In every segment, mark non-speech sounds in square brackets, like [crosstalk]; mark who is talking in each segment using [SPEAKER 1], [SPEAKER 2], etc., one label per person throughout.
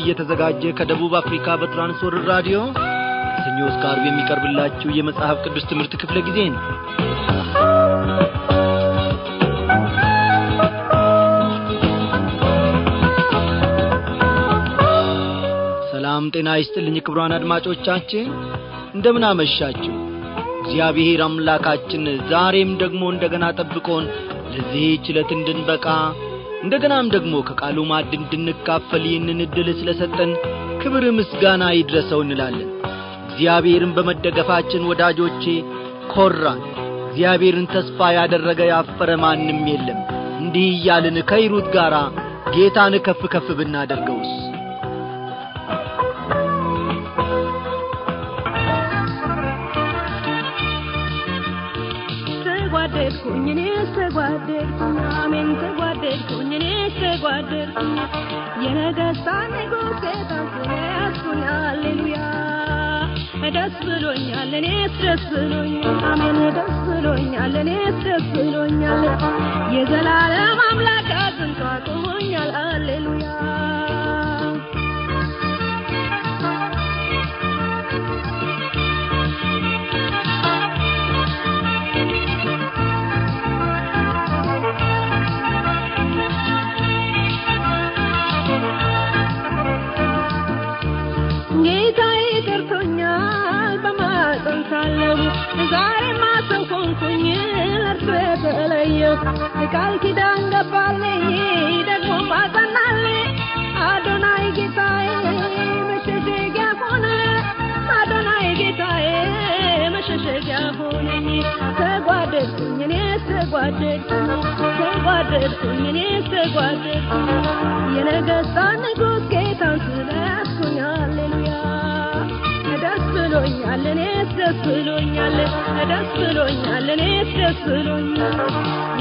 [SPEAKER 1] እየተዘጋጀ ከደቡብ አፍሪካ በትራንስወርር ራዲዮ ሰኞ ጋሩ የሚቀርብላችሁ የመጽሐፍ ቅዱስ ትምህርት ክፍለ ጊዜ ነው ሰላም ጤና ይስጥልኝ ክብሯን አድማጮቻችን እንደምን አመሻችሁ እግዚአብሔር አምላካችን ዛሬም ደግሞ እንደገና ጠብቆን ለዚህ ችለት እንድንበቃ እንደገናም ደግሞ ከቃሉ ማድ እንድንካፈል ይህንን ዕድል ስለሰጠን ክብር ምስጋና ይድረሰው እንላለን እግዚአብሔርን በመደገፋችን ወዳጆቼ ኮራን እግዚአብሔርን ተስፋ ያደረገ ያፈረ ማንም የለም እንዲህ እያልን ከይሩት ጋር ጌታን ከፍ ከፍ ብናደርገውስ
[SPEAKER 2] ተጓደድኩኝ እኔስ ተጓደድኩኝ አሜን ተጓ ተዋደድኩኝ እኔ ተጓደድኩኝ የነገስታ ንጉሴ ታንኩነ አሌሉያ ደስ ብሎኛል ደስ ብሎኛል አሜን ደስ ብሎኛል ደስ ብሎኛል የዘላለም አምላክ አጽንቶ አቁሞኛል አሌሉያ ዛሬ ማሰንኮንኩኝ ለርስ ተለየው ቃል ኪዳን ገባልኝ ደግሞ ማጸናል አዶናይ ጌታዬ መሸሸጊያ ሆነ አዶናይ ጌታዬ መሸሸጊያ ሆነኝ ተጓደድኩኝ እኔ ተጓደድኩኝ ተጓደድኩኝ እኔ ተጓደድኩኝ የነገሥታት ንጉሥ ጌታን ስለያስኩኝ ሃሌሉያ ደስ ብሎኛል እኔስ ደስ ብሎኛል ደስ ብሎኛል እኔስ ደስ ብሎኛል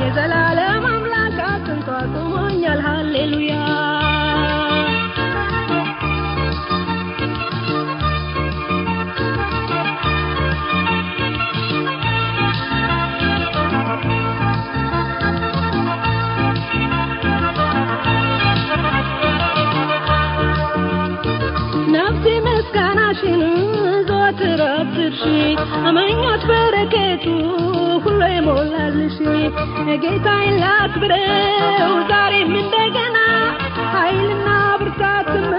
[SPEAKER 2] የዘላለም አምላክ አጽንቶ አቁሞኛል ሃሌሉያ አትርሺ አመኛት በረከቱ ሁሉ ዛሬም እንደገና ኃይልና ብርታትም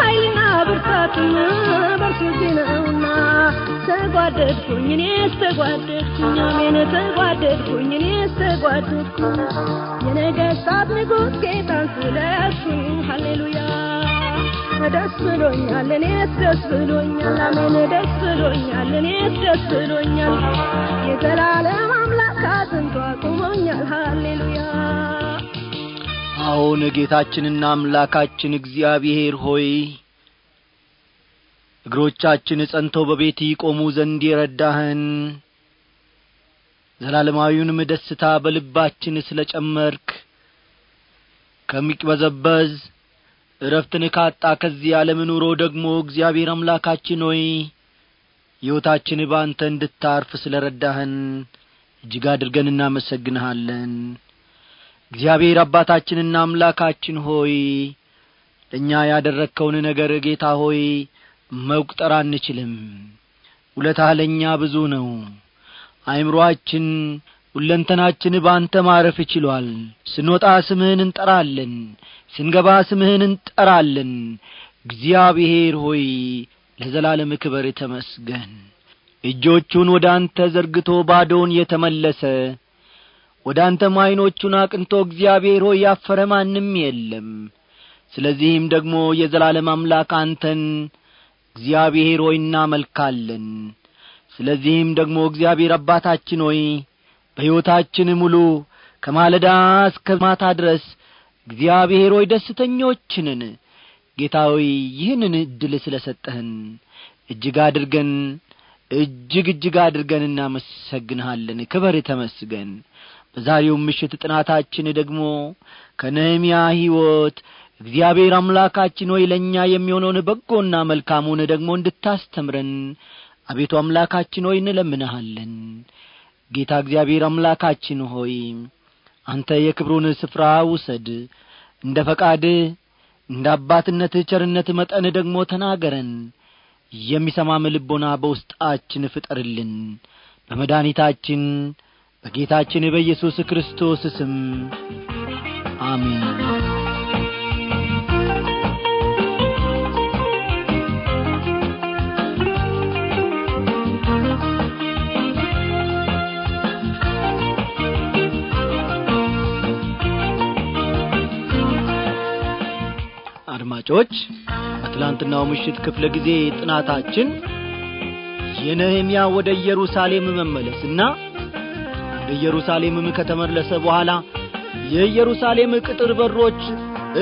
[SPEAKER 2] ኃይልና ብርታትም ተጓደድኩኝ ተጓደድኩኝ አሜን ተጓደድኩኝ ተጓደድኩኝ ንጉሥ ጌታን ደስ ብሎኛል፣ እኔስ ደስ ብሎኛል፣ አሜን ደስ ብሎኛል፣ እኔስ ደስ ብሎኛል። የዘላለም አምላክ አጥንቶ አቁሞኛል። ሃሌሉያ።
[SPEAKER 1] ጌታችንና አምላካችን እግዚአብሔር ሆይ እግሮቻችን ጸንተው በቤት ይቆሙ ዘንድ የረዳህን ዘላለማዊውንም ደስታ በልባችን ስለ ጨመርክ ከሚቅበዘበዝ እረፍትን ካጣ ከዚህ ዓለም ኑሮ ደግሞ እግዚአብሔር አምላካችን ሆይ ሕይወታችን በአንተ እንድታርፍ ስለ ረዳህን እጅግ አድርገን እናመሰግንሃለን እግዚአብሔር አባታችንና አምላካችን ሆይ ለእኛ ያደረግከውን ነገር ጌታ ሆይ መቁጠር አንችልም ውለታህ ለእኛ ብዙ ነው አይምሮአችን ሁለንተናችን በአንተ ማረፍ ይችሏል ስንወጣ ስምህን እንጠራለን ስንገባ ስምህን እንጠራለን እግዚአብሔር ሆይ ለዘላለም ክበር ተመስገን እጆቹን ወደ አንተ ዘርግቶ ባዶውን የተመለሰ ወደ አንተም ዐይኖቹን አቅንቶ እግዚአብሔር ሆይ ያፈረ ማንም የለም ስለዚህም ደግሞ የዘላለም አምላክ አንተን እግዚአብሔር ሆይ እናመልካለን ስለዚህም ደግሞ እግዚአብሔር አባታችን ሆይ በሕይወታችን ሙሉ ከማለዳ እስከ ማታ ድረስ እግዚአብሔር ሆይ ደስተኞችንን ጌታ ይህንን ዕድል ስለ ሰጠህን እጅግ አድርገን እጅግ እጅግ አድርገን እናመሰግንሃለን ክበር ተመስገን በዛሬው ምሽት ጥናታችን ደግሞ ከነህምያ ሕይወት እግዚአብሔር አምላካችን ሆይ ለእኛ የሚሆነውን በጎና መልካሙን ደግሞ እንድታስተምረን አቤቱ አምላካችን ሆይ እንለምንሃለን ጌታ እግዚአብሔር አምላካችን ሆይ አንተ የክብሩን ስፍራ ውሰድ እንደ ፈቃድ እንደ አባትነት ቸርነት መጠን ደግሞ ተናገረን የሚሰማም ልቦና በውስጣችን ፍጠርልን በመድኒታችን በጌታችን በኢየሱስ ክርስቶስ ስም አሜን አድማጮች በትላንትናው ምሽት ክፍለ ጊዜ ጥናታችን የነህምያ ወደ ኢየሩሳሌም መመለስና ወደ ኢየሩሳሌምም ከተመለሰ በኋላ የኢየሩሳሌም ቅጥር በሮች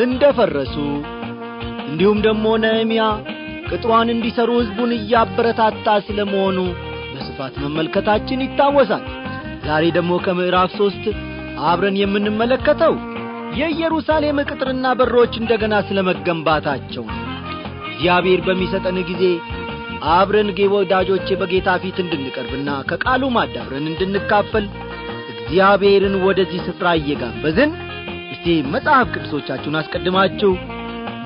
[SPEAKER 1] እንደ ፈረሱ እንዲሁም ደግሞ ነህምያ ቅጥሯን እንዲሠሩ ሕዝቡን እያበረታታ ስለ መሆኑ በስፋት መመልከታችን ይታወሳል ዛሬ ደግሞ ከምዕራፍ ሦስት አብረን የምንመለከተው የኢየሩሳሌም ቅጥርና በሮች እንደገና ስለመገንባታቸው እግዚአብሔር በሚሰጠን ጊዜ አብረን ወዳጆቼ በጌታ ፊት እንድንቀርብና ከቃሉ ማዳብረን እንድንካፈል እግዚአብሔርን ወደዚህ ስፍራ እየጋበዝን እስቲ መጽሐፍ ቅዱሶቻችሁን አስቀድማችሁ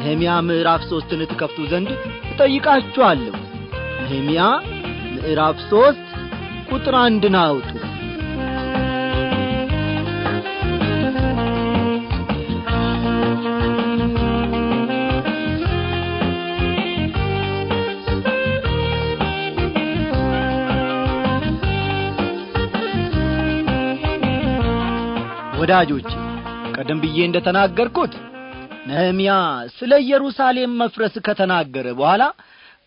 [SPEAKER 1] ነህምያ ምዕራፍ ሦስትን ትከፍቱ ዘንድ እጠይቃችኋለሁ ነህምያ ምዕራፍ ሦስት ቁጥር አንድን አውጡ ወዳጆች ቀደም ብዬ እንደተናገርኩት ነህምያ ስለ ኢየሩሳሌም መፍረስ ከተናገረ በኋላ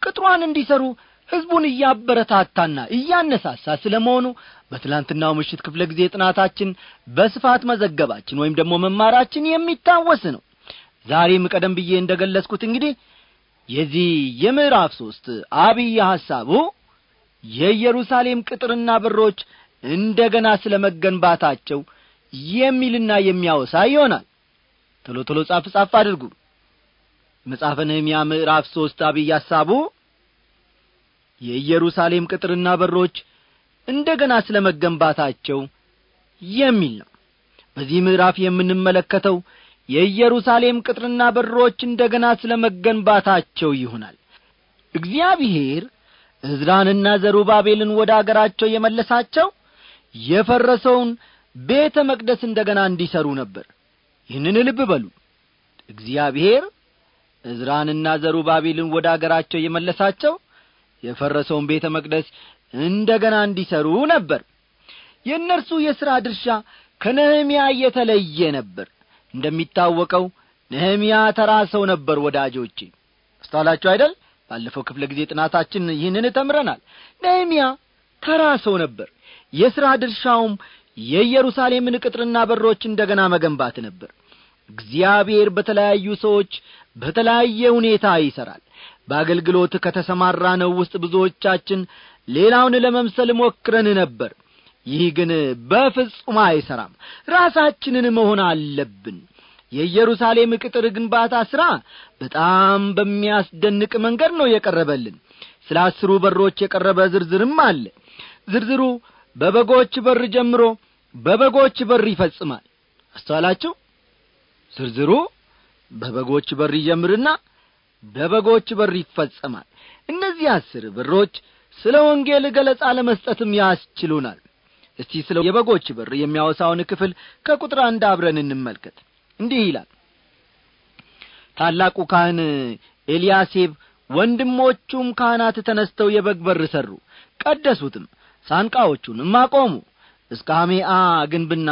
[SPEAKER 1] ቅጥሯን እንዲሰሩ ሕዝቡን እያበረታታና እያነሳሳ ስለ መሆኑ በትላንትናው ምሽት ክፍለ ጊዜ ጥናታችን በስፋት መዘገባችን ወይም ደግሞ መማራችን የሚታወስ ነው ዛሬም ቀደም ብዬ እንደ ገለጽኩት እንግዲህ የዚህ የምዕራፍ ሦስት አብይ ሐሳቡ የኢየሩሳሌም ቅጥርና በሮች እንደ ገና ስለ መገንባታቸው የሚልና የሚያወሳ ይሆናል ቶሎ ቶሎ ጻፍ ጻፍ አድርጉ መጽሐፈ ነህምያ ምዕራፍ ሦስት አብይ ሐሳቡ የኢየሩሳሌም ቅጥርና በሮች እንደ ገና ስለ መገንባታቸው የሚል ነው በዚህ ምዕራፍ የምንመለከተው የኢየሩሳሌም ቅጥርና በሮች እንደ ገና ስለ መገንባታቸው ይሆናል እግዚአብሔር እዝራንና ዘሩባቤልን ወደ አገራቸው የመለሳቸው የፈረሰውን ቤተ መቅደስ እንደገና እንዲሰሩ ነበር ይህንን ልብ በሉ እግዚአብሔር ዘሩ ዘሩባቤልን ወደ አገራቸው የመለሳቸው የፈረሰውን ቤተ መቅደስ እንደገና እንዲሰሩ ነበር የእነርሱ የሥራ ድርሻ ከነህምያ የተለየ ነበር እንደሚታወቀው ነህምያ ተራ ሰው ነበር ወዳጆቼ አስተዋላችሁ አይደል ባለፈው ክፍለ ጊዜ ጥናታችን ይህንን ተምረናል ነህምያ ተራ ሰው ነበር የሥራ ድርሻውም የኢየሩሳሌምን ቅጥርና በሮች እንደገና መገንባት ነበር እግዚአብሔር በተለያዩ ሰዎች በተለያየ ሁኔታ ይሠራል በአገልግሎት ከተሰማራ ነው ውስጥ ብዙዎቻችን ሌላውን ለመምሰል ሞክረን ነበር ይህ ግን በፍጹም አይሠራም ራሳችንን መሆን አለብን የኢየሩሳሌም ቅጥር ግንባታ ሥራ በጣም በሚያስደንቅ መንገድ ነው የቀረበልን ስለ አስሩ በሮች የቀረበ ዝርዝርም አለ ዝርዝሩ በበጎች በር ጀምሮ በበጎች በር ይፈጽማል አስተዋላችሁ ዝርዝሩ በበጎች በር ይጀምርና በበጎች በር ይፈጸማል እነዚህ አስር በሮች ስለ ወንጌል ገለጻ ለመስጠትም ያስችሉናል እስቲ ስለ የበጎች በር የሚያወሳውን ክፍል ከቁጥር አንድ አብረን እንመልከት እንዲህ ይላል ታላቁ ካህን ኤልያሴብ ወንድሞቹም ካህናት ተነስተው የበግ በር ሠሩ ቀደሱትም ሳንቃዎቹንም አቆሙ እስከ አሜአ ግንብና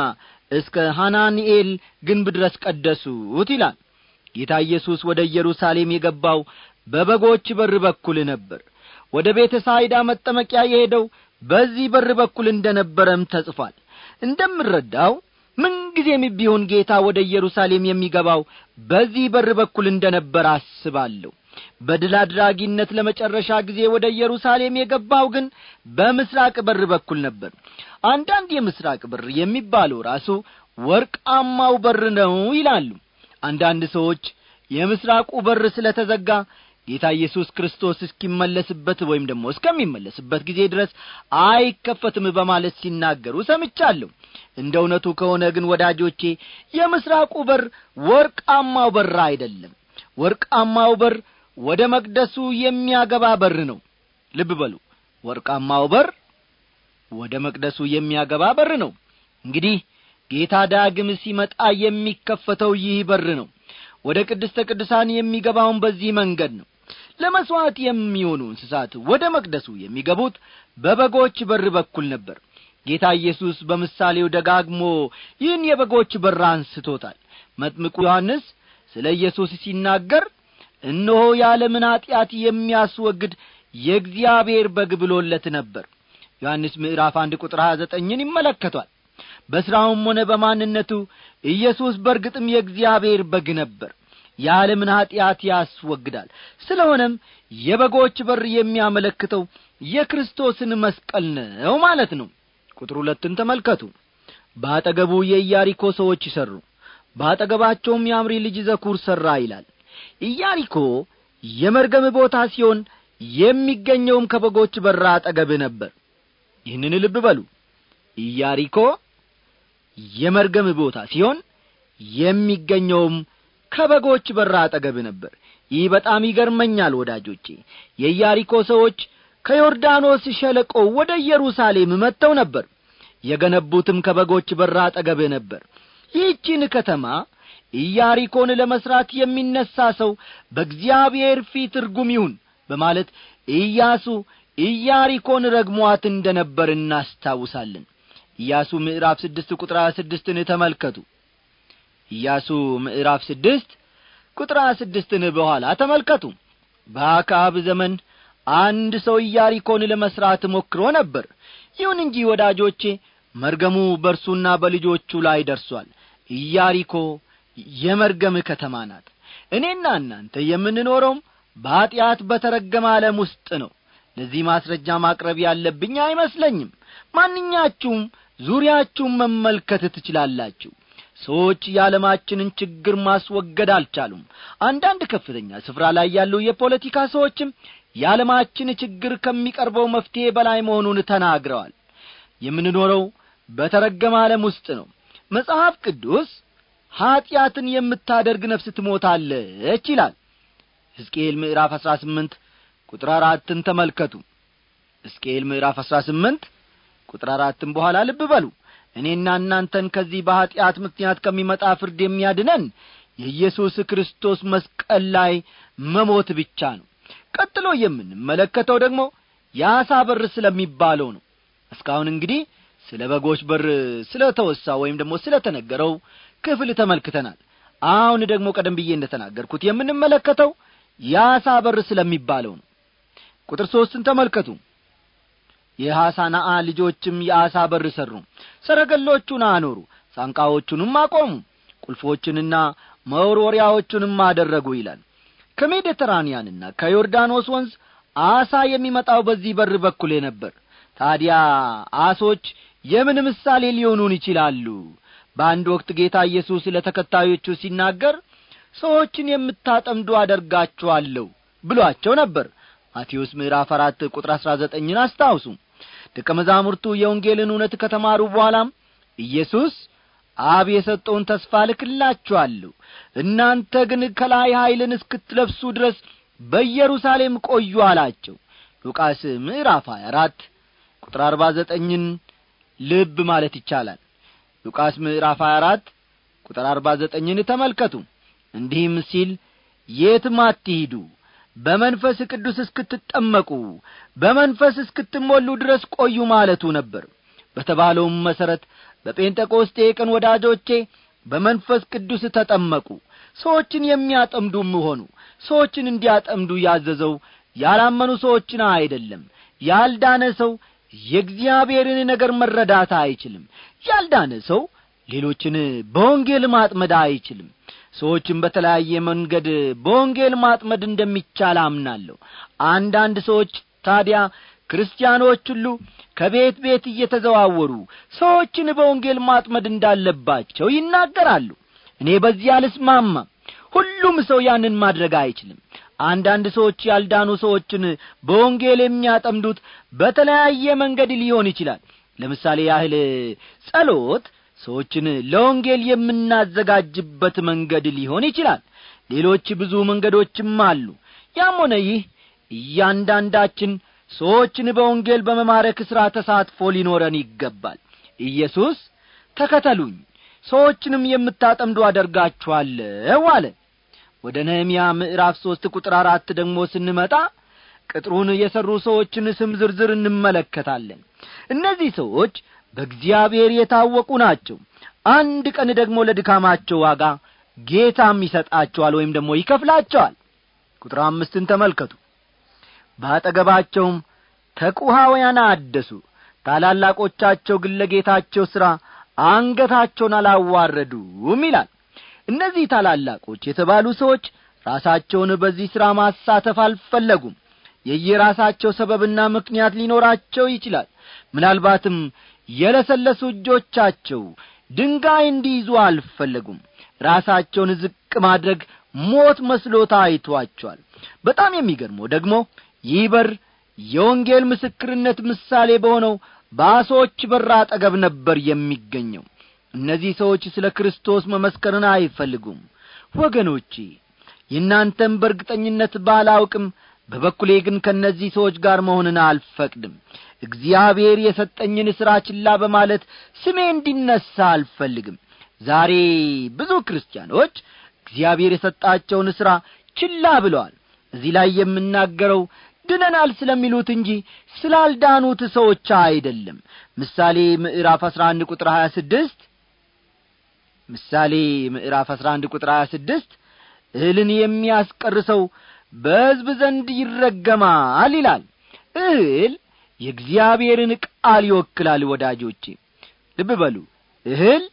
[SPEAKER 1] እስከ ሐናንኤል ግንብ ድረስ ቀደሱት ይላል ጌታ ኢየሱስ ወደ ኢየሩሳሌም የገባው በበጎች በር በኩል ነበር ወደ ቤተ ሳይዳ መጠመቂያ የሄደው በዚህ በር በኩል እንደ ነበረም ተጽፏል እንደምረዳው ምንጊዜም ቢሆን ጌታ ወደ ኢየሩሳሌም የሚገባው በዚህ በር በኩል እንደ ነበር አስባለሁ በድል አድራጊነት ለመጨረሻ ጊዜ ወደ ኢየሩሳሌም የገባው ግን በምስራቅ በር በኩል ነበር አንዳንድ የምስራቅ በር የሚባለው ራሱ ወርቃማው በር ነው ይላሉ አንዳንድ ሰዎች የምስራቁ በር ስለ ተዘጋ ጌታ ኢየሱስ ክርስቶስ እስኪመለስበት ወይም ደግሞ እስከሚመለስበት ጊዜ ድረስ አይከፈትም በማለት ሲናገሩ ሰምቻለሁ እንደ እውነቱ ከሆነ ግን ወዳጆቼ የምስራቁ በር ወርቃማው በር አይደለም ወርቃማው በር ወደ መቅደሱ የሚያገባ በር ነው ልብ በሉ ወርቃማው በር ወደ መቅደሱ የሚያገባ በር ነው እንግዲህ ጌታ ዳግም ሲመጣ የሚከፈተው ይህ በር ነው ወደ ቅድስተ ቅዱሳን የሚገባውን በዚህ መንገድ ነው ለመሥዋዕት የሚሆኑ እንስሳት ወደ መቅደሱ የሚገቡት በበጎች በር በኩል ነበር ጌታ ኢየሱስ በምሳሌው ደጋግሞ ይህን የበጎች በር አንስቶታል መጥምቁ ዮሐንስ ስለ ኢየሱስ ሲናገር እነሆ የዓለምን ኀጢአት የሚያስወግድ የእግዚአብሔር በግ ብሎለት ነበር ዮሐንስ ምዕራፍ አንድ ቁጥር ሀያ ዘጠኝን ይመለከቷል በሥራውም ሆነ በማንነቱ ኢየሱስ በርግጥም የእግዚአብሔር በግ ነበር የዓለምን ኀጢአት ያስወግዳል ስለ ሆነም የበጎች በር የሚያመለክተው የክርስቶስን መስቀል ነው ማለት ነው ቁጥር ሁለትን ተመልከቱ በአጠገቡ የኢያሪኮ ሰዎች ይሠሩ በአጠገባቸውም የአምሪ ልጅ ዘኩር ሠራ ይላል ኢያሪኮ የመርገም ቦታ ሲሆን የሚገኘውም ከበጎች በራ አጠገብ ነበር ይህንን ልብ በሉ ኢያሪኮ የመርገም ቦታ ሲሆን የሚገኘውም ከበጎች በራ አጠገብ ነበር ይህ በጣም ይገርመኛል ወዳጆቼ የኢያሪኮ ሰዎች ከዮርዳኖስ ሸለቆ ወደ ኢየሩሳሌም መጥተው ነበር የገነቡትም ከበጎች በራ አጠገብ ነበር ይህችን ከተማ ኢያሪኮን ለመሥራት የሚነሣ ሰው በእግዚአብሔር ፊት ርጉም ይሁን በማለት ኢያሱ ኢያሪኮን ረግሟት እንደ ነበር እናስታውሳለን ኢያሱ ምዕራፍ ስድስት ቁጥር ሀያ ስድስትን ተመልከቱ ኢያሱ ምዕራፍ ስድስት ቁጥር ሀያ ስድስትን በኋላ ተመልከቱ በአካብ ዘመን አንድ ሰው ኢያሪኮን ለመሥራት ሞክሮ ነበር ይሁን እንጂ ወዳጆቼ መርገሙ በእርሱና በልጆቹ ላይ ደርሷል ኢያሪኮ የመርገም ከተማ ናት እኔና እናንተ የምንኖረውም በኀጢአት በተረገመ ዓለም ውስጥ ነው ለዚህ ማስረጃ ማቅረብ ያለብኝ አይመስለኝም ማንኛችሁም ዙሪያችሁን መመልከት ትችላላችሁ ሰዎች የዓለማችንን ችግር ማስወገድ አልቻሉም አንዳንድ ከፍተኛ ስፍራ ላይ ያሉ የፖለቲካ ሰዎችም የዓለማችን ችግር ከሚቀርበው መፍትሔ በላይ መሆኑን ተናግረዋል የምንኖረው በተረገመ ዓለም ውስጥ ነው መጽሐፍ ቅዱስ ኀጢአትን የምታደርግ ነፍስ ትሞታለች ይላል ሕዝቅኤል ምዕራፍ አሥራ ስምንት ቁጥር አራትን ተመልከቱ ሕዝቅኤል ምዕራፍ አሥራ ስምንት ቁጥር አራትን በኋላ ልብ በሉ እኔና እናንተን ከዚህ በኀጢአት ምክንያት ከሚመጣ ፍርድ የሚያድነን የኢየሱስ ክርስቶስ መስቀል ላይ መሞት ብቻ ነው ቀጥሎ የምንመለከተው ደግሞ የአሳ በር ስለሚባለው ነው እስካሁን እንግዲህ ስለ በጎች በር ስለ ተወሳ ወይም ደግሞ ስለ ተነገረው ክፍል ተመልክተናል አሁን ደግሞ ቀደም ብዬ እንደተናገርኩት የምንመለከተው የአሳ በር ስለሚባለው ነው ቁጥር ሦስትን ተመልከቱ የሐሳናአ ልጆችም የአሳ በር ሠሩ ሰረገሎቹን አኖሩ ሳንቃዎቹንም አቆሙ ቁልፎችንና መወርወሪያዎቹንም አደረጉ ይላል ከሜዲትራንያንና ከዮርዳኖስ ወንዝ አሳ የሚመጣው በዚህ በር በኩል ነበር ታዲያ አሶች የምን ምሳሌ ሊሆኑን ይችላሉ በአንድ ወቅት ጌታ ኢየሱስ ለተከታዮቹ ሲናገር ሰዎችን የምታጠምዱ አደርጋችኋለሁ ብሏቸው ነበር ማቴዎስ ምዕራፍ አራት ቁጥር አሥራ ዘጠኝን አስታውሱ ደቀ መዛሙርቱ የወንጌልን እውነት ከተማሩ በኋላም ኢየሱስ አብ የሰጠውን ተስፋ ልክላችኋለሁ እናንተ ግን ከላይ ኀይልን እስክትለብሱ ድረስ በኢየሩሳሌም ቆዩ አላቸው ሉቃስ ምዕራፍ 24 ቁጥር 49ን ልብ ማለት ይቻላል ሉቃስ ምዕራፍ 24 ቁጥር 49ን ተመልከቱ እንዲህም ሲል የትም አትሂዱ በመንፈስ ቅዱስ እስክትጠመቁ በመንፈስ እስክትሞሉ ድረስ ቆዩ ማለቱ ነበር በተባለውም መሠረት በጴንጠቆስጤ ቀን ወዳጆቼ በመንፈስ ቅዱስ ተጠመቁ ሰዎችን የሚያጠምዱም ሆኑ ሰዎችን እንዲያጠምዱ ያዘዘው ያላመኑ ሰዎችን አይደለም ያልዳነ ሰው የእግዚአብሔርን ነገር መረዳት አይችልም ያልዳነ ሰው ሌሎችን በወንጌል ማጥመድ አይችልም ሰዎችን በተለያየ መንገድ በወንጌል ማጥመድ እንደሚቻል አምናለሁ አንዳንድ ሰዎች ታዲያ ክርስቲያኖች ሁሉ ከቤት ቤት እየተዘዋወሩ ሰዎችን በወንጌል ማጥመድ እንዳለባቸው ይናገራሉ እኔ በዚህ አልስማማም ሁሉም ሰው ያንን ማድረግ አይችልም አንዳንድ ሰዎች ያልዳኑ ሰዎችን በወንጌል የሚያጠምዱት በተለያየ መንገድ ሊሆን ይችላል ለምሳሌ ያህል ጸሎት ሰዎችን ለወንጌል የምናዘጋጅበት መንገድ ሊሆን ይችላል ሌሎች ብዙ መንገዶችም አሉ ያም ሆነ ይህ እያንዳንዳችን ሰዎችን በወንጌል በመማረክ ሥራ ተሳትፎ ሊኖረን ይገባል ኢየሱስ ተከተሉኝ ሰዎችንም የምታጠምዱ አደርጋችኋለሁ አለ ወደ ነህምያ ምዕራፍ ሦስት ቁጥር አራት ደግሞ ስንመጣ ቅጥሩን የሠሩ ሰዎችን ስም ዝርዝር እንመለከታለን እነዚህ ሰዎች በእግዚአብሔር የታወቁ ናቸው አንድ ቀን ደግሞ ለድካማቸው ዋጋ ጌታም ይሰጣቸዋል ወይም ደግሞ ይከፍላቸዋል ቁጥር አምስትን ተመልከቱ በአጠገባቸውም ተቁሃውያን አደሱ ታላላቆቻቸው ግለጌታቸው ሥራ አንገታቸውን አላዋረዱም ይላል እነዚህ ታላላቆች የተባሉ ሰዎች ራሳቸውን በዚህ ሥራ ማሳተፍ አልፈለጉም የየራሳቸው ሰበብና ምክንያት ሊኖራቸው ይችላል ምናልባትም የለሰለሱ እጆቻቸው ድንጋይ እንዲይዙ አልፈለጉም ራሳቸውን ዝቅ ማድረግ ሞት መስሎታ አይቷቸዋል በጣም የሚገርመው ደግሞ ይህ በር የወንጌል ምስክርነት ምሳሌ በሆነው በአሶች በር አጠገብ ነበር የሚገኘው እነዚህ ሰዎች ስለ ክርስቶስ መመስከርን አይፈልጉም ወገኖቼ የእናንተም በእርግጠኝነት ባላውቅም በበኩሌ ግን ከእነዚህ ሰዎች ጋር መሆንን አልፈቅድም እግዚአብሔር የሰጠኝን ሥራ ችላ በማለት ስሜ እንዲነሣ አልፈልግም ዛሬ ብዙ ክርስቲያኖች እግዚአብሔር የሰጣቸውን ሥራ ችላ ብለዋል እዚህ ላይ የምናገረው ድነናል ስለሚሉት እንጂ ስላልዳኑት ሰዎች አይደለም ምሳሌ ምዕራፍ አሥራ አንድ ቁጥር ሀያ ስድስት ምሳሌ ምዕራፍ አስራ አንድ ቁጥር ሀያ ስድስት እህልን የሚያስቀር ሰው በሕዝብ ዘንድ ይረገማል ይላል እህል የእግዚአብሔርን ቃል ይወክላል ወዳጆቼ ልብ በሉ እህል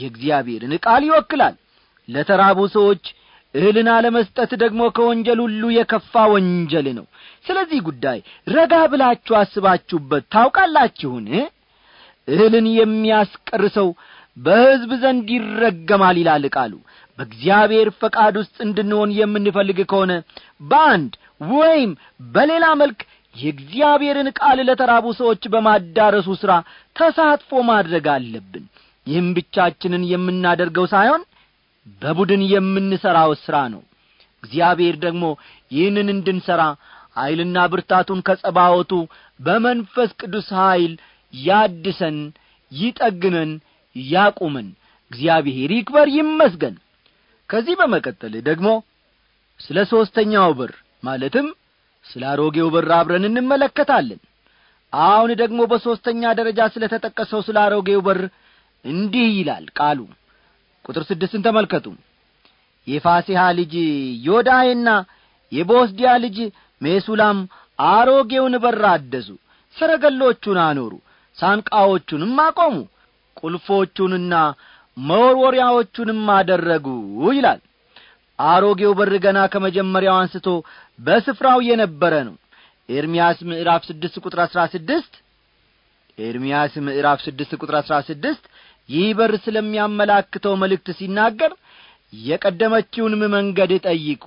[SPEAKER 1] የእግዚአብሔርን ቃል ይወክላል ለተራቡ ሰዎች እህልን አለመስጠት ደግሞ ከወንጀል ሁሉ የከፋ ወንጀል ነው ስለዚህ ጉዳይ ረጋ ብላችሁ አስባችሁበት ታውቃላችሁን እህልን የሚያስቀር ሰው በሕዝብ ዘንድ ይረገማል ይላል ቃሉ በእግዚአብሔር ፈቃድ ውስጥ እንድንሆን የምንፈልግ ከሆነ በአንድ ወይም በሌላ መልክ የእግዚአብሔርን ቃል ለተራቡ ሰዎች በማዳረሱ ሥራ ተሳትፎ ማድረግ አለብን ይህም ብቻችንን የምናደርገው ሳይሆን በቡድን የምንሠራው ሥራ ነው እግዚአብሔር ደግሞ ይህንን እንድንሠራ ኀይልና ብርታቱን ከጸባወቱ በመንፈስ ቅዱስ ኀይል ያድሰን ይጠግነን ያቁመን እግዚአብሔር ይክበር ይመስገን ከዚህ በመቀጠል ደግሞ ስለ ሦስተኛው በር ማለትም ስለ አሮጌው በር አብረን እንመለከታለን አሁን ደግሞ በሦስተኛ ደረጃ ስለ ተጠቀሰው ስለ አሮጌው በር እንዲህ ይላል ቃሉ ቁጥር ስድስትን ተመልከቱ የፋሲሃ ልጅ ዮዳይና የቦስዲያ ልጅ ሜሱላም አሮጌውን በር አደሱ ሰረገሎቹን አኖሩ ሳንቃዎቹንም አቆሙ ቁልፎቹንና መወርወሪያዎቹንም አደረጉ ይላል አሮጌው በር ገና ከመጀመሪያው አንስቶ በስፍራው የነበረ ነው ኤርምያስ ምዕራፍ ስድስት ቁጥር አሥራ ስድስት ኤርምያስ ምዕራፍ ስድስት ቁጥር አሥራ ስድስት ይህ በር ስለሚያመላክተው መልእክት ሲናገር የቀደመችውንም መንገድ ጠይቁ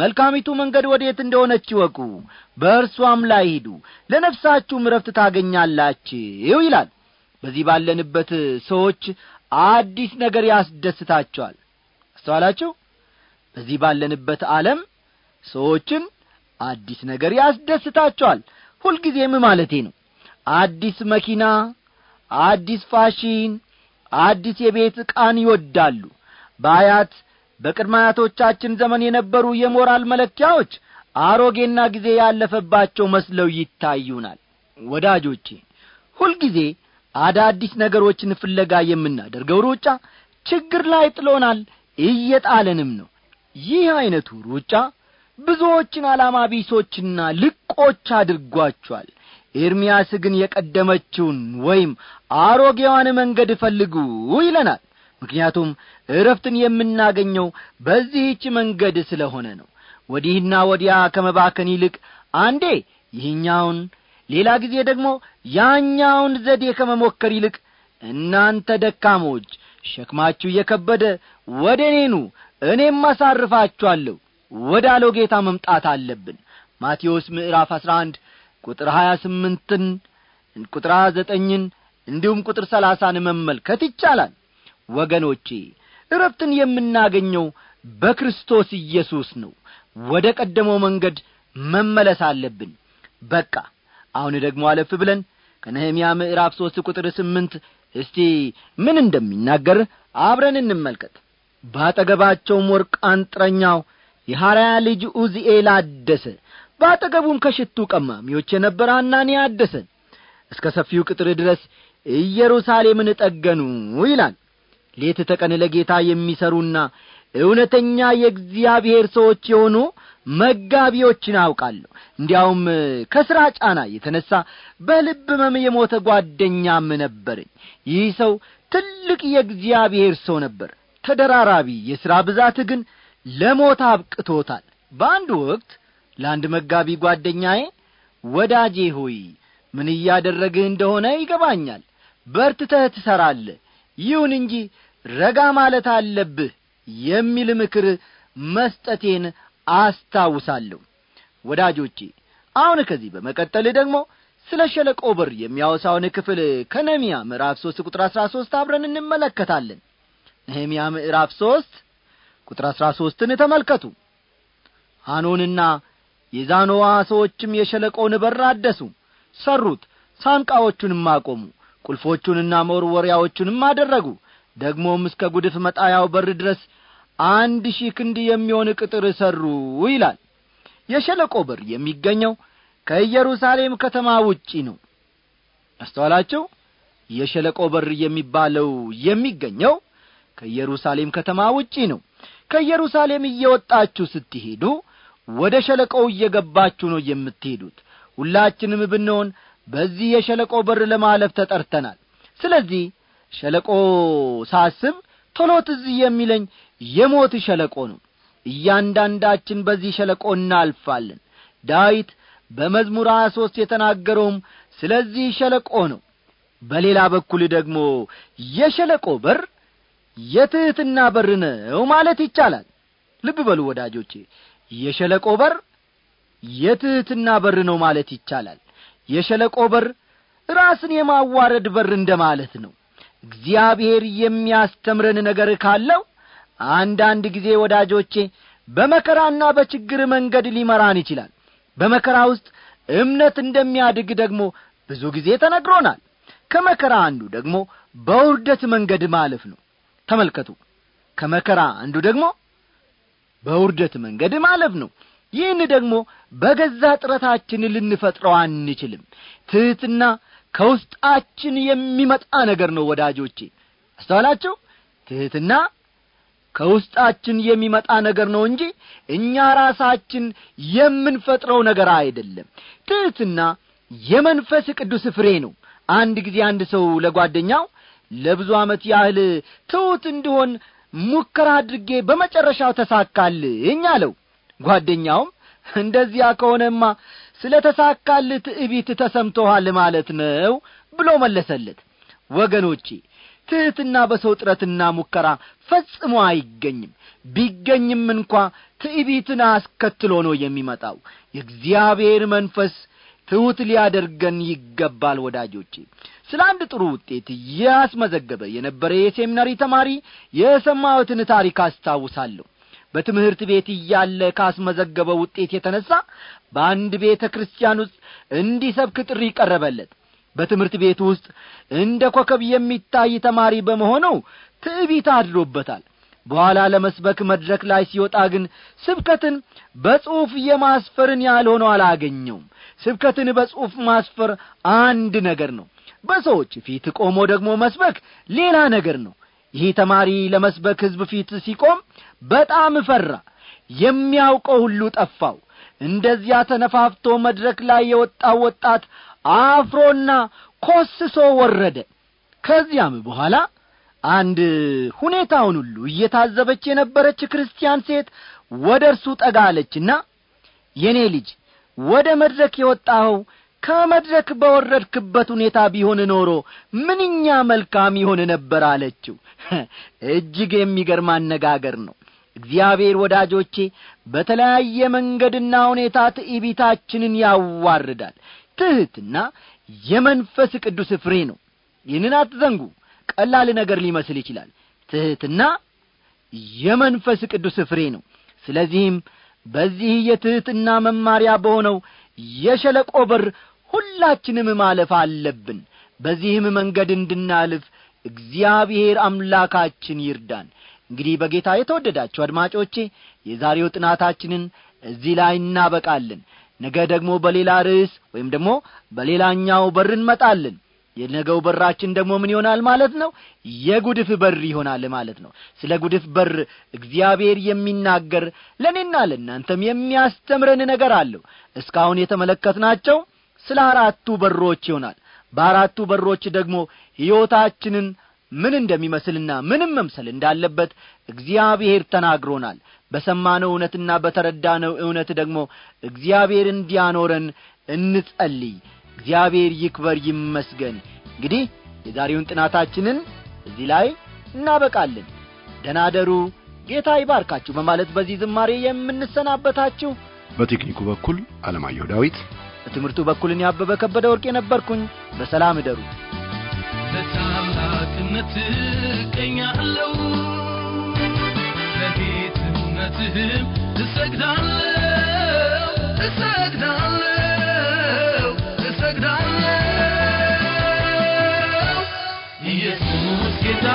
[SPEAKER 1] መልካሚቱ መንገድ ወዴት እንደሆነች ይወቁ በእርሷም ላይ ሂዱ ለነፍሳችሁም ረፍት ታገኛላችሁ ይላል በዚህ ባለንበት ሰዎች አዲስ ነገር ያስደስታቸዋል አስተዋላችሁ በዚህ ባለንበት ዓለም ሰዎችን አዲስ ነገር ያስደስታቸዋል ሁልጊዜም ማለቴ ነው አዲስ መኪና አዲስ ፋሽን አዲስ የቤት ዕቃን ይወዳሉ በአያት በቅድማያቶቻችን አያቶቻችን ዘመን የነበሩ የሞራል መለኪያዎች አሮጌና ጊዜ ያለፈባቸው መስለው ይታዩናል ወዳጆቼ ሁልጊዜ ጊዜ አዳዲስ ነገሮችን ፍለጋ የምናደርገው ሩጫ ችግር ላይ ጥሎናል እየጣለንም ነው ይህ ዐይነቱ ሩጫ ብዙዎችን ዓላማ ቢሶችና ልቆች አድርጓቸዋል ኤርምያስ ግን የቀደመችውን ወይም አሮጌዋን መንገድ እፈልጉ ይለናል ምክንያቱም እረፍትን የምናገኘው በዚህች መንገድ ስለሆነ ነው ወዲህና ወዲያ ከመባከን ይልቅ አንዴ ይህኛውን ሌላ ጊዜ ደግሞ ያኛውን ዘዴ ከመሞከር ይልቅ እናንተ ደካሞች ሸክማችሁ የከበደ ወደ እኔኑ እኔም አሳርፋችኋለሁ አለው ጌታ መምጣት አለብን ማቴዎስ ምዕራፍ አሥራ አንድ ቁጥር ሀያ ስምንትን ቁጥር ሀያ ዘጠኝን እንዲሁም ቁጥር ሰላሳን መመልከት ይቻላል ወገኖቼ እረፍትን የምናገኘው በክርስቶስ ኢየሱስ ነው ወደ ቀደመው መንገድ መመለስ አለብን በቃ አሁን ደግሞ አለፍ ብለን ከነህምያ ምዕራፍ ሦስት ቁጥር ስምንት እስቲ ምን እንደሚናገር አብረን እንመልከት ባጠገባቸውም ወርቅ አንጥረኛው የሐርያ ልጅ ኡዚኤል አደሰ ባጠገቡም ከሽቱ ቀማሚዎች የነበረ አናኒ አደሰ እስከ ሰፊው ቅጥር ድረስ ኢየሩሳሌምን ጠገኑ ይላል ሌት ተቀን ለጌታ የሚሠሩና እውነተኛ የእግዚአብሔር ሰዎች የሆኑ መጋቢዎችን አውቃለሁ እንዲያውም ከሥራ ጫና የተነሣ በልብ መም የሞተ ጓደኛም ነበረኝ ይህ ሰው ትልቅ የእግዚአብሔር ሰው ነበር ተደራራቢ የሥራ ብዛት ግን ለሞት አብቅቶታል በአንድ ወቅት ለአንድ መጋቢ ጓደኛዬ ወዳጄ ሆይ ምን እያደረግህ እንደሆነ ይገባኛል በርትተህ ትሠራለ ይሁን እንጂ ረጋ ማለት አለብህ የሚል ምክር መስጠቴን አስታውሳለሁ ወዳጆቼ አሁን ከዚህ በመቀጠል ደግሞ ስለ ሸለቆ በር የሚያወሳውን ክፍል ከነሚያ ምዕራፍ ሦስት ቁጥር አሥራ ሦስት አብረን እንመለከታለን ነህምያ ምዕራፍ ሦስት ቁጥር አሥራ ሦስትን ተመልከቱ አኖንና የዛኖዋ ሰዎችም የሸለቆውን በር አደሱ ሰሩት ሳንቃዎቹንም አቆሙ ቁልፎቹንና መወርወሪያዎቹንም አደረጉ ደግሞም እስከ ጒድፍ መጣያው በር ድረስ አንድ ሺህ ክንድ የሚሆን ቅጥር እሰሩ ይላል የሸለቆ በር የሚገኘው ከኢየሩሳሌም ከተማ ውጪ ነው አስተዋላቸው የሸለቆ በር የሚባለው የሚገኘው ከኢየሩሳሌም ከተማ ውጪ ነው ከኢየሩሳሌም እየወጣችሁ ስትሄዱ ወደ ሸለቆው እየገባችሁ ነው የምትሄዱት ሁላችንም ብንሆን በዚህ የሸለቆ በር ለማለፍ ተጠርተናል ስለዚህ ሸለቆ ሳስብ ቶሎ ትዝ የሚለኝ የሞት ሸለቆ ነው እያንዳንዳችን በዚህ ሸለቆ እናልፋለን ዳዊት በመዝሙር ሀያ ሦስት የተናገረውም ስለዚህ ሸለቆ ነው በሌላ በኩል ደግሞ የሸለቆ በር የትሕትና በር ነው ማለት ይቻላል ልብ በሉ ወዳጆቼ የሸለቆ በር የትሕትና በር ነው ማለት ይቻላል የሸለቆ በር ራስን የማዋረድ በር እንደማለት ነው እግዚአብሔር የሚያስተምረን ነገር ካለው አንዳንድ ጊዜ ወዳጆቼ በመከራና በችግር መንገድ ሊመራን ይችላል በመከራ ውስጥ እምነት እንደሚያድግ ደግሞ ብዙ ጊዜ ተነግሮናል ከመከራ አንዱ ደግሞ በውርደት መንገድ ማለፍ ነው ተመልከቱ ከመከራ አንዱ ደግሞ በውርደት መንገድ ማለፍ ነው ይህን ደግሞ በገዛ ጥረታችን ልንፈጥረው አንችልም ትሕትና ከውስጣችን የሚመጣ ነገር ነው ወዳጆቼ አስተዋላችሁ ትሕትና ከውስጣችን የሚመጣ ነገር ነው እንጂ እኛ ራሳችን የምንፈጥረው ነገር አይደለም ትሕትና የመንፈስ ቅዱስ ፍሬ ነው አንድ ጊዜ አንድ ሰው ለጓደኛው ለብዙ ዓመት ያህል ትሑት እንድሆን ሙከራ አድርጌ በመጨረሻው ተሳካልኝ አለው ጓደኛውም እንደዚያ ከሆነማ ስለ ተሳካልህ ትዕቢት ተሰምቶሃል ማለት ነው ብሎ መለሰለት ወገኖቼ ትሕትና በሰው ጥረትና ሙከራ ፈጽሞ አይገኝም ቢገኝም እንኳ ትዕቢትን አስከትሎ ነው የሚመጣው የእግዚአብሔር መንፈስ ትሑት ሊያደርገን ይገባል ወዳጆቼ ስለ አንድ ጥሩ ውጤት ያስመዘገበ የነበረ የሴሚናሪ ተማሪ የሰማሁትን ታሪክ አስታውሳለሁ በትምህርት ቤት እያለ ካስመዘገበው ውጤት የተነሣ በአንድ ቤተ ክርስቲያን ውስጥ እንዲሰብክ ጥሪ ቀረበለት በትምህርት ቤት ውስጥ እንደ ኮከብ የሚታይ ተማሪ በመሆኑ ትዕቢት አድሮበታል በኋላ ለመስበክ መድረክ ላይ ሲወጣ ግን ስብከትን በጽሑፍ የማስፈርን ያህል ሆኖ አላገኘውም ስብከትን በጽሑፍ ማስፈር አንድ ነገር ነው በሰዎች ፊት ቆሞ ደግሞ መስበክ ሌላ ነገር ነው ይህ ተማሪ ለመስበክ ሕዝብ ፊት ሲቆም በጣም ፈራ የሚያውቀው ሁሉ ጠፋው እንደዚያ ተነፋፍቶ መድረክ ላይ የወጣው ወጣት አፍሮና ኮስሶ ወረደ ከዚያም በኋላ አንድ ሁኔታውን ሁሉ እየታዘበች የነበረች ክርስቲያን ሴት ወደ እርሱ ጠጋለችና የእኔ ልጅ ወደ መድረክ የወጣኸው ከመድረክ በወረድክበት ሁኔታ ቢሆን ኖሮ ምንኛ መልካም ይሆን ነበር አለችው [laughs] እጅግ የሚገርም አነጋገር ነው እግዚአብሔር ወዳጆቼ በተለያየ መንገድና ሁኔታ ትዕቢታችንን ያዋርዳል ትሕትና የመንፈስ ቅዱስ ፍሬ ነው ይህንን አትዘንጉ ቀላል ነገር ሊመስል ይችላል ትሕትና የመንፈስ ቅዱስ ፍሬ ነው ስለዚህም በዚህ የትሕትና መማሪያ በሆነው የሸለቆ በር ሁላችንም ማለፍ አለብን በዚህም መንገድ እንድናልፍ እግዚአብሔር አምላካችን ይርዳን እንግዲህ በጌታ የተወደዳችሁ አድማጮቼ የዛሬው ጥናታችንን እዚህ ላይ እናበቃለን ነገ ደግሞ በሌላ ርዕስ ወይም ደግሞ በሌላኛው በር እንመጣለን የነገው በራችን ደግሞ ምን ይሆናል ማለት ነው የጉድፍ በር ይሆናል ማለት ነው ስለ ጉድፍ በር እግዚአብሔር የሚናገር ለእኔና ለእናንተም የሚያስተምረን ነገር አለው እስካሁን የተመለከትናቸው ስለ አራቱ በሮች ይሆናል በአራቱ በሮች ደግሞ ሕይወታችንን ምን እንደሚመስልና ምንም መምሰል እንዳለበት እግዚአብሔር ተናግሮናል በሰማነው እውነትና በተረዳነው እውነት ደግሞ እግዚአብሔር እንዲያኖረን እንጸልይ እግዚአብሔር ይክበር ይመስገን እንግዲህ የዛሬውን ጥናታችንን እዚህ ላይ እናበቃለን ደናደሩ ጌታ ይባርካችሁ በማለት በዚህ ዝማሬ የምንሰናበታችሁ በቴክኒኩ በኩል አለማየሁ ዳዊት በትምህርቱ በኩልን ያበበ ከበደ ወርቅ የነበርኩኝ በሰላም እደሩ
[SPEAKER 3] ለታላቅነት ቀኛለው ለእውነትህም እሰግዳለው እሰግዳለው እሰግዳለው ኢየሱስ ጌታ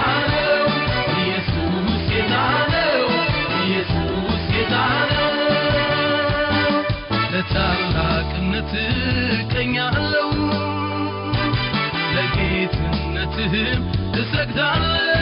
[SPEAKER 3] ቀኛለው ለጌትነትህም እሰግዳለው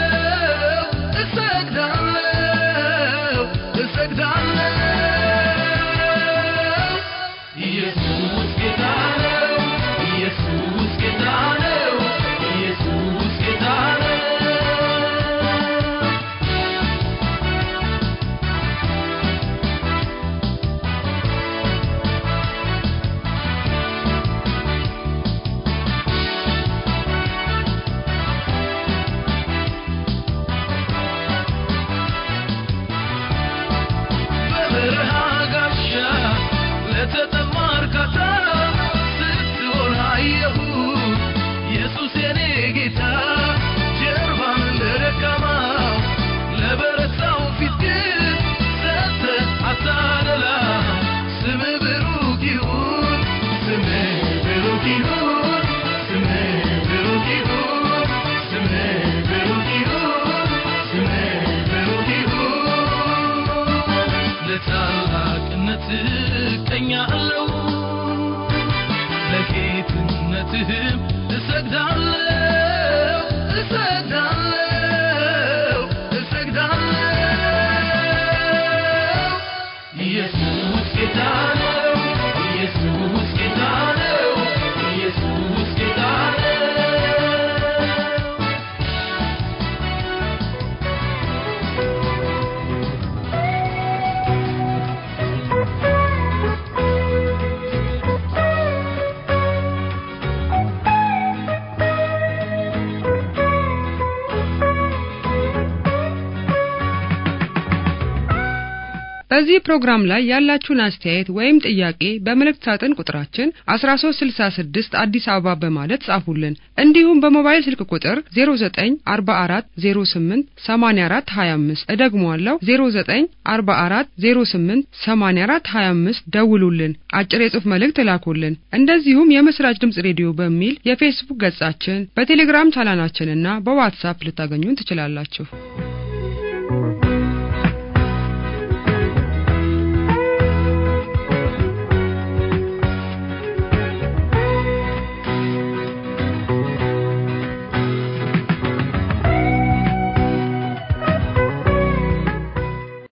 [SPEAKER 2] በዚህ ፕሮግራም ላይ ያላችሁን አስተያየት ወይም ጥያቄ በመልእክት ሳጥን
[SPEAKER 1] ቁጥራችን 1366 አዲስ አበባ በማለት ጻፉልን። እንዲሁም በሞባይል ስልክ ቁጥር 0944088425 እደግመዋለሁ፣ 0944088425 ደውሉልን፣ አጭር የጽሑፍ መልእክት ተላኩልን። እንደዚሁም የምስራች ድምጽ ሬዲዮ በሚል የፌስቡክ ገጻችን፣ በቴሌግራም ቻናላችንና በዋትሳፕ ልታገኙን ትችላላችሁ።